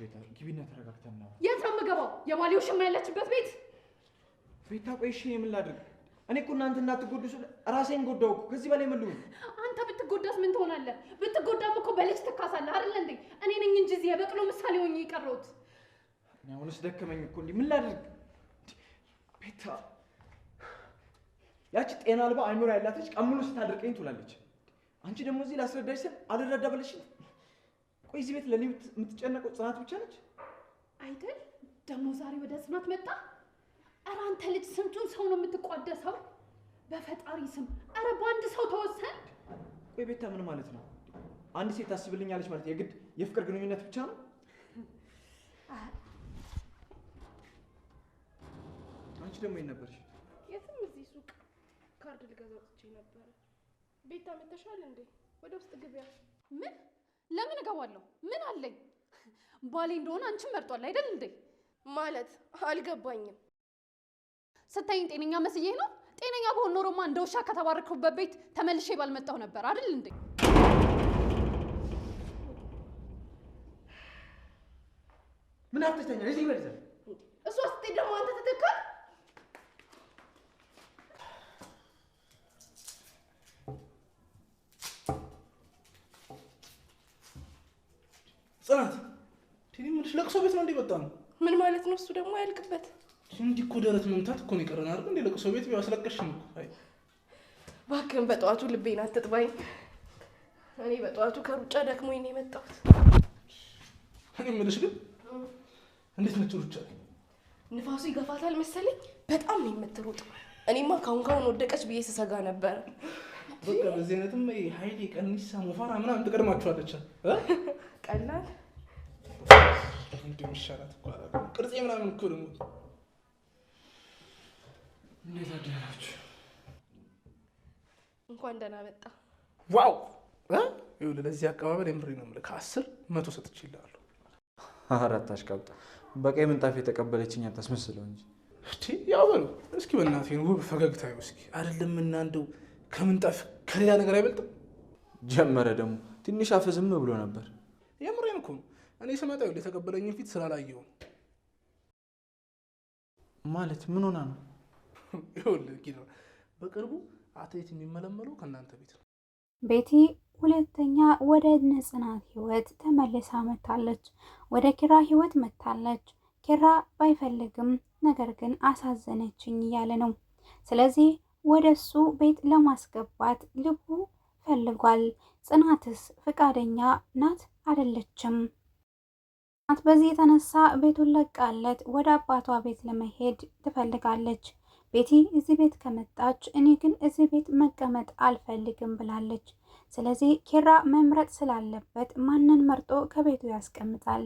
ቤት ግቢና ተረጋግተን ነው። የት ነው የምገባው? የባሌው ሽማ ያለችበት ቤት ቤታ። ቆይ እሺ፣ ምን ላድርግ እኔ? እኮ እናንተ እንዳትጎዱ ራሴን ጎዳው። ከዚህ በላይ ምን ልሁን? አንተ ብትጎዳስ ምን ትሆናለህ? ብትጎዳም እኮ በልጅ ትካሳለህ አይደል እንዴ? እኔ ነኝ እንጂ እዚህ የበቅሎ ምሳሌ ሆኜ የቀረሁት። አሁንስ ደከመኝ እኮ እንዲህ ምን ላድርግ ቤታ። ያቺ ጤና አልባ አይምሮ ያላተች ቀምሎ ስታድርቀኝ ትውላለች። አንቺ ደግሞ እዚህ ላስረዳሽ ስል አልረዳ ብለሽ ቆይ እዚህ ቤት ለእኔ የምትጨነቀው ጽናት ብቻ ነች አይደል? ደግሞ ዛሬ ወደ ጽናት መጣ። ኧረ አንተ ልጅ ስንቱን ሰው ነው የምትቋደሰው? በፈጣሪ ስም ኧረ በአንድ ሰው ተወሰን። ቆይ ቤታ ምን ማለት ነው? አንድ ሴት ታስብልኛለች ማለት የግድ የፍቅር ግንኙነት ብቻ ነው? አንቺ ደግሞ የት ነበርሽ? የትም እዚህ ሱቅ ካርድ ልገዛ ወጥቼ ነበረ። ቤታ መተሻል እንዴ? ወደ ውስጥ ግቢያ ምን ለምን እገባለሁ? ምን አለኝ? ባሌ እንደሆነ አንቺን መርጧል አይደል እንዴ? ማለት አልገባኝም። ስታይኝ ጤነኛ መስዬ ነው? ጤነኛ በሆን ኖሮማ እንደ ውሻ ከተባረክሁበት ቤት ተመልሼ ባልመጣሁ ነበር አይደል እንዴ? ምን አፍተኛ እዚህ በልዘ እሱ አስጤ ደግሞ አንተ ትትካል ነው እንዴ በጣም ምን ማለት ነው? እሱ ደግሞ አያልቅበት እንዲህ እኮ ደረት መምታት እኮ ነው የቀረን አይደል? እንደ ለቅሶ ቤት ያስለቀሽ ነው። እባክህን በጠዋቱ ልቤን አትጥባኝ። እኔ በጠዋቱ ከሩጫ ደክሞኝ ነው የመጣሁት። እኔ የምልሽ ግን እንዴት ነች ሩጫ? ንፋሱ ይገፋታል መሰለኝ በጣም ነው የምትሮጥ። እኔማ ካሁን ካሁን ወደቀች ብዬ ስሰጋ ነበር በቃ በዚህ አይነትም ሀይሌ ቀኒሳ ሞፋራ ምናምን ትቀድማችኋለች። ቀላል እንደሚሻላት እኮ አላውቅም። ቅርጼ ምናምን እኮ ደግሞ እንዴት አደራችሁ? እንኳን ደህና መጣ። ዋው ይኸውልህ፣ ለዚህ አቀባበል የምሬን ነው የምልህ፣ ከአስር መቶ ሰጥቼ ይልሃሉ። አራት አሽቃብጣ በቀይ ምንጣፍ የተቀበለችኝ አታስመስለው እንጂ ያው በሉ እስኪ በእናቴን ውብ ፈገግታ ይኸው እስኪ አይደለም እና እንደው ከምንጣፍ ከሌላ ነገር አይበልጥም። ጀመረ ደግሞ ትንሽ አፈዝም ብሎ ነበር። የምሬን እኮ ነው እኔ ስመጣ ይኸውልህ የተቀበለኝን ፊት ስላላየው ነው። ማለት ምን ሆና ነው? ይኸውልህ ኪራ፣ በቅርቡ አትሌት የሚመለመለው ከእናንተ ቤት ነው። ቤቲ ሁለተኛ ወደ ነጽናት ህይወት ተመልሳ መታለች። ወደ ኪራ ህይወት መታለች። ኪራ ባይፈልግም ነገር ግን አሳዘነችኝ እያለ ነው። ስለዚህ ወደ እሱ ቤት ለማስገባት ልቡ ፈልጓል። ጽናትስ ፍቃደኛ ናት አይደለችም? ናት። በዚህ የተነሳ ቤቱን ለቃለት ወደ አባቷ ቤት ለመሄድ ትፈልጋለች። ቤቲ እዚህ ቤት ከመጣች እኔ ግን እዚህ ቤት መቀመጥ አልፈልግም ብላለች። ስለዚህ ኪራ መምረጥ ስላለበት ማንን መርጦ ከቤቱ ያስቀምጣል?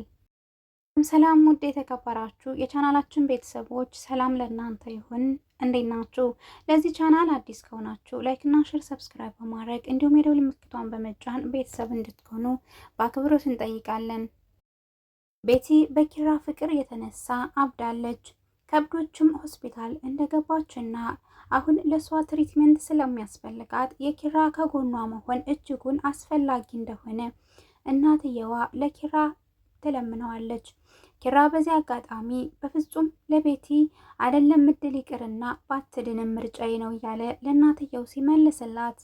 ሰላም ውድ የተከበራችሁ የቻናላችን ቤተሰቦች ሰላም ለእናንተ ይሁን። እንዴት ናችሁ? ለዚህ ቻናል አዲስ ከሆናችሁ ላይክና ሼር፣ ሰብስክራይብ በማድረግ እንዲሁም የደውል ምልክቷን በመጫን ቤተሰብ እንድትሆኑ በአክብሮት እንጠይቃለን። ቤቲ በኪራ ፍቅር የተነሳ አብዳለች። ከብዶችም ሆስፒታል እንደገባችና አሁን ለእሷ ትሪትመንት ስለሚያስፈልጋት የኪራ ከጎኗ መሆን እጅጉን አስፈላጊ እንደሆነ እናትየዋ ለኪራ ትለምነዋለች። ኪራ በዚህ አጋጣሚ በፍጹም ለቤቲ አይደለም ምድል ይቅርና ባትድንም ምርጫዬ ነው እያለ ለእናትየው ሲመልስላት፣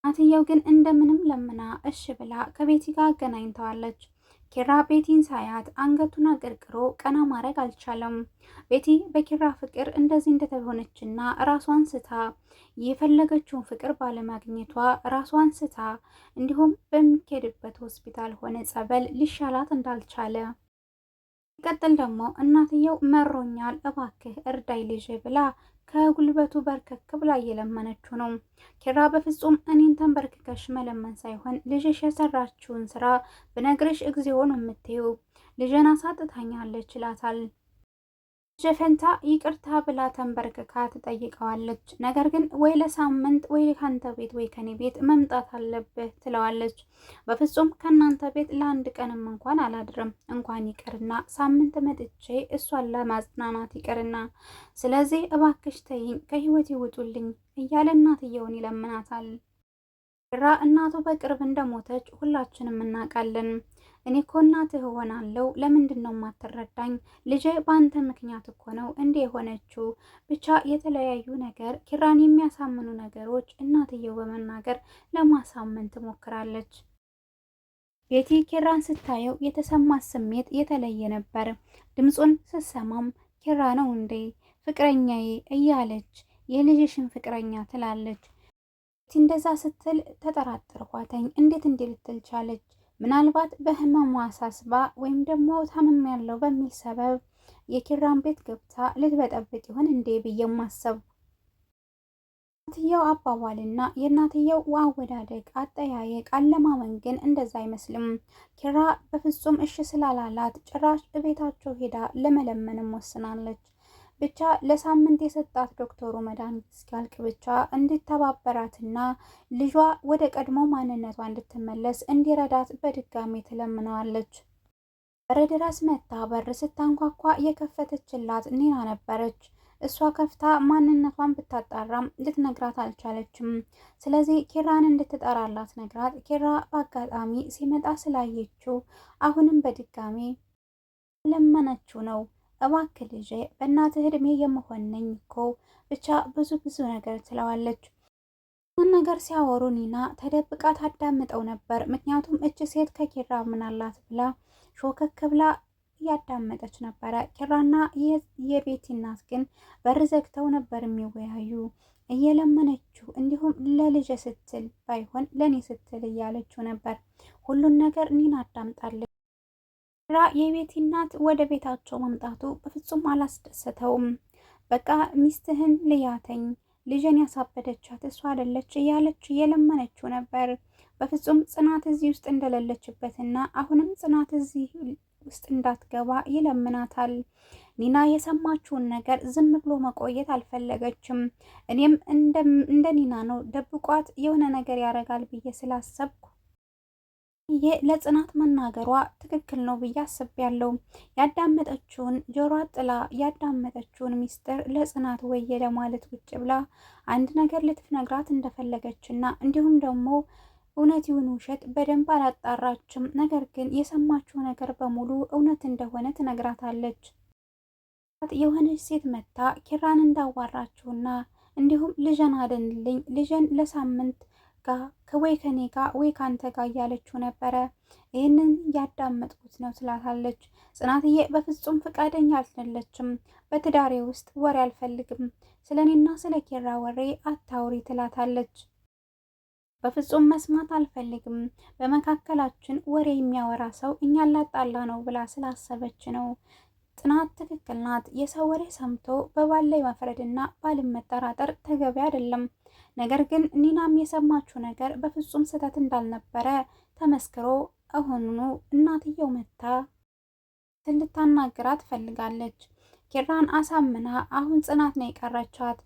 እናትየው ግን እንደምንም ለምና እሽ ብላ ከቤቲ ጋር አገናኝተዋለች። ኪራ ቤቲን ሳያት አንገቱን አቀርቅሮ ቀና ማድረግ አልቻለም። ቤቲ በኪራ ፍቅር እንደዚህ እንደተሆነችና ራሷን ስታ የፈለገችውን ፍቅር ባለማግኘቷ ራሷን ስታ እንዲሁም በሚካሄድበት ሆስፒታል ሆነ ጸበል ሊሻላት እንዳልቻለ ይቀጥል ደግሞ እናትየው መሮኛል እባክህ እርዳይ ልጅ ብላ ከጉልበቱ በርከክ ብላ እየለመነችው ነው። ኪራ በፍጹም እኔን ተንበርክከሽ መለመን ሳይሆን ልጅሽ የሰራችውን ስራ ብነግርሽ እግዚኦ ነው የምትይው፣ ልጅን አሳጥታኛለች ይላታል። ጀፈንታ ይቅርታ ብላ ተንበርክካ ትጠይቀዋለች። ነገር ግን ወይ ለሳምንት ወይ ከአንተ ቤት ወይ ከኔ ቤት መምጣት አለብህ ትለዋለች። በፍጹም ከእናንተ ቤት ለአንድ ቀንም እንኳን አላድርም እንኳን ይቅርና ሳምንት መጥቼ እሷን ለማጽናናት ይቅርና፣ ስለዚህ እባክሽ ተይኝ፣ ከህይወት ይውጡልኝ እያለ እናትየውን ይለምናታል። ኪራ እናቱ በቅርብ እንደሞተች ሁላችንም እናውቃለን። እኔ እኮ እናትህ እሆናለሁ። ለምንድን ነው የማትረዳኝ? ልጄ በአንተ ምክንያት እኮ ነው እንዲህ የሆነችው። ብቻ የተለያዩ ነገር ኪራን የሚያሳምኑ ነገሮች እናትየው በመናገር ለማሳመን ትሞክራለች። ቤቲ ኪራን ስታየው የተሰማት ስሜት የተለየ ነበር። ድምፁን ስትሰማም ኪራ ነው እንዴ ፍቅረኛዬ እያለች የልጅሽን ፍቅረኛ ትላለች እንደዛ ስትል ተጠራጠርኳተኝ። እንዴት እንዲህ ልትል ቻለች? ምናልባት በህመሙ አሳስባ ወይም ደግሞ ታምም ያለው በሚል ሰበብ የኪራን ቤት ገብታ ልትበጠብጥ ይሆን እንዴ ብዬ ማሰብ የእናትየው አባባልና የእናትየው አወዳደቅ አጠያየቅ አለማመን ግን እንደዛ አይመስልም። ኪራ በፍጹም እሺ ስላላላት ጭራሽ እቤታቸው ሄዳ ለመለመንም ወስናለች። ብቻ ለሳምንት የሰጣት ዶክተሩ መድኃኒት እስኪያልቅ ብቻ እንድተባበራትና ልጇ ወደ ቀድሞ ማንነቷ እንድትመለስ እንዲረዳት በድጋሚ ትለምነዋለች። በር ድረስ መታ በር ስታንኳኳ የከፈተችላት ኒና ነበረች። እሷ ከፍታ ማንነቷን ብታጣራም ልትነግራት አልቻለችም። ስለዚህ ኪራን እንድትጠራላት ነግራት፣ ኪራ በአጋጣሚ ሲመጣ ስላየችው አሁንም በድጋሚ ለመነችው ነው እባክህ ልጄ በእናትህ እድሜ የምሆን ነኝ እኮ ብቻ ብዙ ብዙ ነገር ትለዋለች። ሁሉን ነገር ሲያወሩ ኒና ተደብቃ ታዳምጠው ነበር። ምክንያቱም እች ሴት ከኪራ ምናላት ብላ ሾከክ ብላ እያዳመጠች ነበረ። ኪራና የቤቲ እናት ግን በር ዘግተው ነበር የሚወያዩ እየለመነችው እንዲሁም ለልጄ ስትል ባይሆን ለእኔ ስትል እያለችው ነበር። ሁሉን ነገር ኒና አዳምጣለች። ራ የቤቲ እናት ወደ ቤታቸው መምጣቱ በፍጹም አላስደሰተውም። በቃ ሚስትህን ልያተኝ ልጅን ያሳበደቻት እሷ አይደለች እያለች እየለመነችው ነበር። በፍጹም ጽናት እዚህ ውስጥ እንደሌለችበትና አሁንም ጽናት እዚህ ውስጥ እንዳትገባ ይለምናታል። ኒና የሰማችውን ነገር ዝም ብሎ መቆየት አልፈለገችም። እኔም እንደ ኒና ነው ደብቋት የሆነ ነገር ያደርጋል ብዬ ስላሰብኩ ለጽናት መናገሯ ትክክል ነው ብዬ አስቤያለሁ። ያዳመጠችውን ጆሮ ጥላ ያዳመጠችውን ሚስጥር ለጽናት ወየ ለማለት ውጭ ብላ አንድ ነገር ልትነግራት እንደፈለገችና እንዲሁም ደግሞ እውነት ይሁን ውሸት በደንብ አላጣራችም። ነገር ግን የሰማችው ነገር በሙሉ እውነት እንደሆነ ትነግራታለች። የሆነች ሴት መታ ኪራን እንዳዋራችሁና እንዲሁም ልጄን አድንልኝ ልጄን ለሳምንት ጋር ከወይ ከኔ ጋር ወይ ከአንተ ጋር እያለችው ነበረ። ይህንን ያዳመጥኩት ነው ትላታለች ጽናትዬ። በፍጹም ፈቃደኛ አልትለችም። በትዳሬ ውስጥ ወሬ አልፈልግም፣ ስለ እኔና ስለ ኬራ ወሬ አታውሪ ትላታለች። በፍጹም መስማት አልፈልግም፣ በመካከላችን ወሬ የሚያወራ ሰው እኛ ላጣላ ነው ብላ ስላሰበች ነው። ጽናት ትክክል ናት። የሰው ወሬ ሰምቶ በባል ላይ መፍረድና ባልን መጠራጠር ተገቢ አይደለም። ነገር ግን ኒናም የሰማችው ነገር በፍጹም ስህተት እንዳልነበረ ተመስክሮ እሁኑ እናትየው መታ እንድታናግራት ፈልጋለች። ኪራን አሳምና አሁን ጽናት ነው የቀረቻት።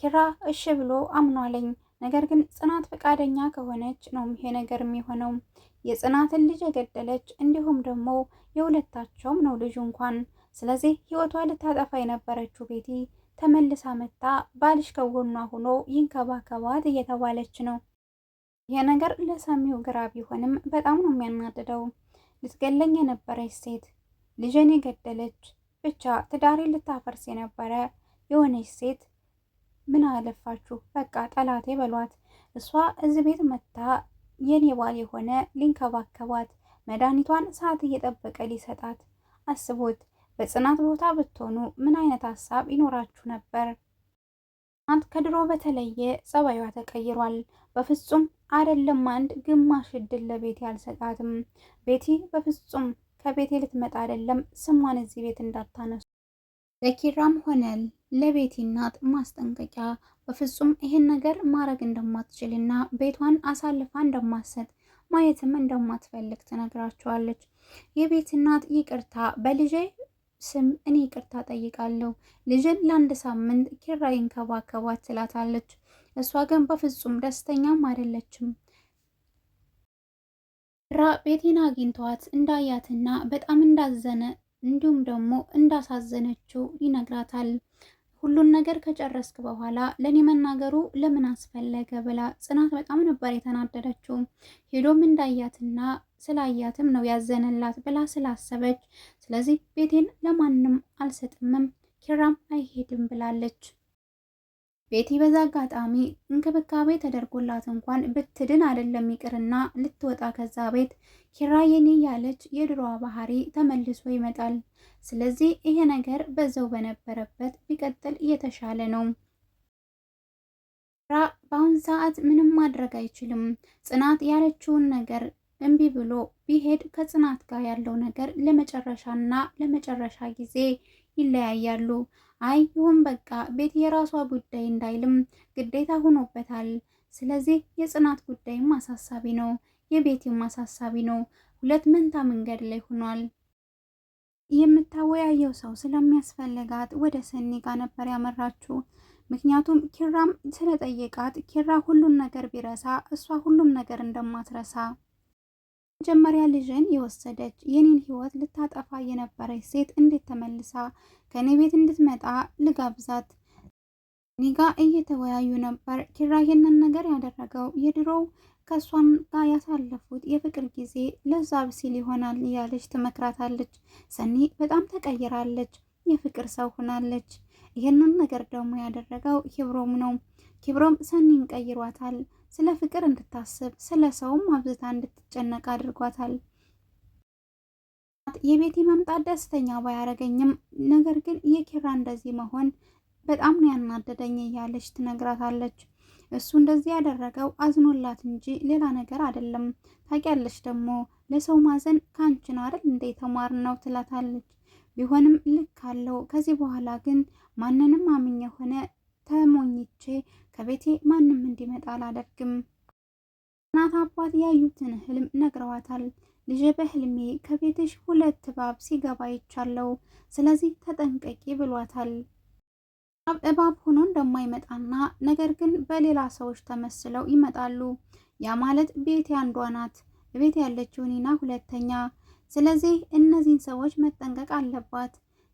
ኪራ እሺ ብሎ አምኗለኝ። ነገር ግን ጽናት ፈቃደኛ ከሆነች ነው ይሄ ነገር የሚሆነው። የጽናትን ልጅ የገደለች እንዲሁም ደግሞ የሁለታቸውም ነው ልጁ እንኳን። ስለዚህ ህይወቷ ልታጠፋ የነበረችው ቤቲ ተመልሳ መታ ባልሽ ከጎኗ ሆኖ ይንከባከባት እየተባለች ነው። ይህ ነገር ለሰሚው ግራ ቢሆንም በጣም ነው የሚያናድደው። ልትገለኝ የነበረች ሴት ልጄን የገደለች ብቻ ትዳሬ ልታፈርስ የነበረ የሆነች ሴት ምን አለፋችሁ በቃ ጠላቴ በሏት። እሷ እዚህ ቤት መታ የኔ ባል የሆነ ሊንከባከባት መድኃኒቷን ሰዓት እየጠበቀ ሊሰጣት አስቦት በጽናት ቦታ ብትሆኑ ምን አይነት ሀሳብ ይኖራችሁ ነበር? ጽናት ከድሮ በተለየ ጸባይዋ ተቀይሯል። በፍጹም አይደለም አንድ ግማሽ እድል ለቤቲ አልሰጣትም። ቤቲ በፍጹም ከቤቴ ልትመጣ አይደለም፣ ስሟን እዚህ ቤት እንዳታነሱ። ለኪራም ሆነ ለቤቲ እናት ማስጠንቀቂያ በፍጹም ይህን ነገር ማድረግ እንደማትችልና ቤቷን አሳልፋ እንደማትሰጥ ማየትም እንደማትፈልግ ትነግራቸዋለች። የቤት እናት ይቅርታ በልጄ ስም እኔ ይቅርታ ጠይቃለሁ፣ ልጅን ለአንድ ሳምንት ኪራ ይንከባከባት ትላታለች። እሷ ግን በፍጹም ደስተኛም አይደለችም። ኪራ ቤቴን አግኝቷት እንዳያትና በጣም እንዳዘነ እንዲሁም ደግሞ እንዳሳዘነችው ይነግራታል። ሁሉን ነገር ከጨረስክ በኋላ ለእኔ መናገሩ ለምን አስፈለገ ብላ ጽናት በጣም ነበር የተናደደችው። ሄዶም እንዳያትና ስላያትም ነው ያዘነላት ብላ ስላሰበች ስለዚህ ቤቴን ለማንም አልሰጥምም ኪራም አይሄድም ብላለች። ቤቲ በዛ አጋጣሚ እንክብካቤ ተደርጎላት እንኳን ብትድን አይደለም ይቅርና ልትወጣ ከዛ ቤት ኪራ የኔ ያለች የድሮዋ ባህሪ ተመልሶ ይመጣል። ስለዚህ ይሄ ነገር በዛው በነበረበት ቢቀጥል የተሻለ ነው። ኪራ በአሁን ሰዓት ምንም ማድረግ አይችልም። ጽናት ያለችውን ነገር እምቢ ብሎ ቢሄድ ከጽናት ጋር ያለው ነገር ለመጨረሻና ለመጨረሻ ጊዜ ይለያያሉ። አይ ይሁን በቃ ቤት የራሷ ጉዳይ እንዳይልም ግዴታ ሆኖበታል። ስለዚህ የጽናት ጉዳይም አሳሳቢ ነው፣ የቤትም አሳሳቢ ነው። ሁለት መንታ መንገድ ላይ ሆኗል። የምታወያየው ሰው ስለሚያስፈልጋት ወደ ሰኒ ጋር ነበር ያመራችው። ምክንያቱም ኪራም ስለጠየቃት ኪራ ሁሉን ነገር ቢረሳ እሷ ሁሉም ነገር እንደማትረሳ መጀመሪያ ልጅን የወሰደች የኔን ህይወት ልታጠፋ የነበረች ሴት እንዴት ተመልሳ ከኔ ቤት እንድትመጣ ልጋብዛት? ኒጋ እየተወያዩ ነበር። ኪራ ይህንን ነገር ያደረገው የድሮው ከእሷን ጋር ያሳለፉት የፍቅር ጊዜ ለዛብ ሲል ይሆናል እያለች ትመክራታለች። ሰኒ በጣም ተቀይራለች፣ የፍቅር ሰው ሆናለች። ይህንን ነገር ደግሞ ያደረገው ኪብሮም ነው። ኪብሮም ሰኒን ቀይሯታል። ስለ ፍቅር እንድታስብ ስለ ሰውም አብዝታ እንድትጨነቅ አድርጓታል። የቤቲ መምጣት ደስተኛ ባያረገኝም ነገር ግን የኪራ እንደዚህ መሆን በጣም ነው ያናደደኝ እያለች ትነግራታለች። እሱ እንደዚህ ያደረገው አዝኖላት እንጂ ሌላ ነገር አይደለም። ታውቂያለሽ ደግሞ ለሰው ማዘን ከአንቺን አይደል እንደ የተማር ነው ትላታለች። ቢሆንም ልክ አለው። ከዚህ በኋላ ግን ማንንም አምኜ ሆነ ተሞኝቼ ከቤቴ ማንም እንዲመጣ አላደርግም። እናት አባት ያዩትን ህልም ነግረዋታል። ልጄ በህልሜ ከቤትሽ ሁለት እባብ ሲገባ ይቻለው፣ ስለዚህ ተጠንቀቂ ብሏታል። እባብ ሆኖ እንደማይመጣና ነገር ግን በሌላ ሰዎች ተመስለው ይመጣሉ። ያ ማለት ቤቴ አንዷ ናት፣ ቤት ያለችው ኒና ሁለተኛ። ስለዚህ እነዚህን ሰዎች መጠንቀቅ አለባት።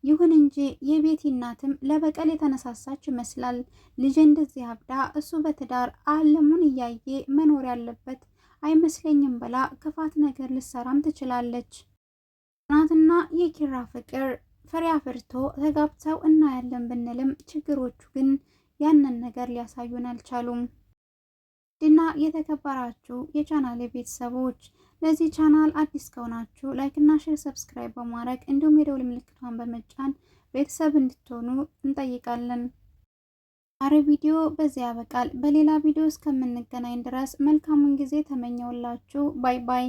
ይሁን እንጂ የቤቲ እናትም ለበቀል የተነሳሳች ይመስላል። ልጅ እንደዚህ አብዳ እሱ በትዳር አለሙን እያየ መኖር ያለበት አይመስለኝም ብላ ክፋት ነገር ልሰራም ትችላለች። ጽናትና የኪራ ፍቅር ፍሬ አፍርቶ ተጋብተው እናያለን ብንልም ችግሮቹ ግን ያንን ነገር ሊያሳዩን አልቻሉም። ድና የተከበራችሁ የቻናሌ ቤተሰቦች ለዚህ ቻናል አዲስ ከሆናችሁ ላይክ እና ሼር፣ ሰብስክራይብ በማድረግ እንዲሁም የደውል ምልክቷን በመጫን ቤተሰብ እንድትሆኑ እንጠይቃለን። አረ ቪዲዮ በዚህ ያበቃል። በሌላ ቪዲዮ እስከምንገናኝ ድረስ መልካሙን ጊዜ ተመኘውላችሁ። ባይ ባይ።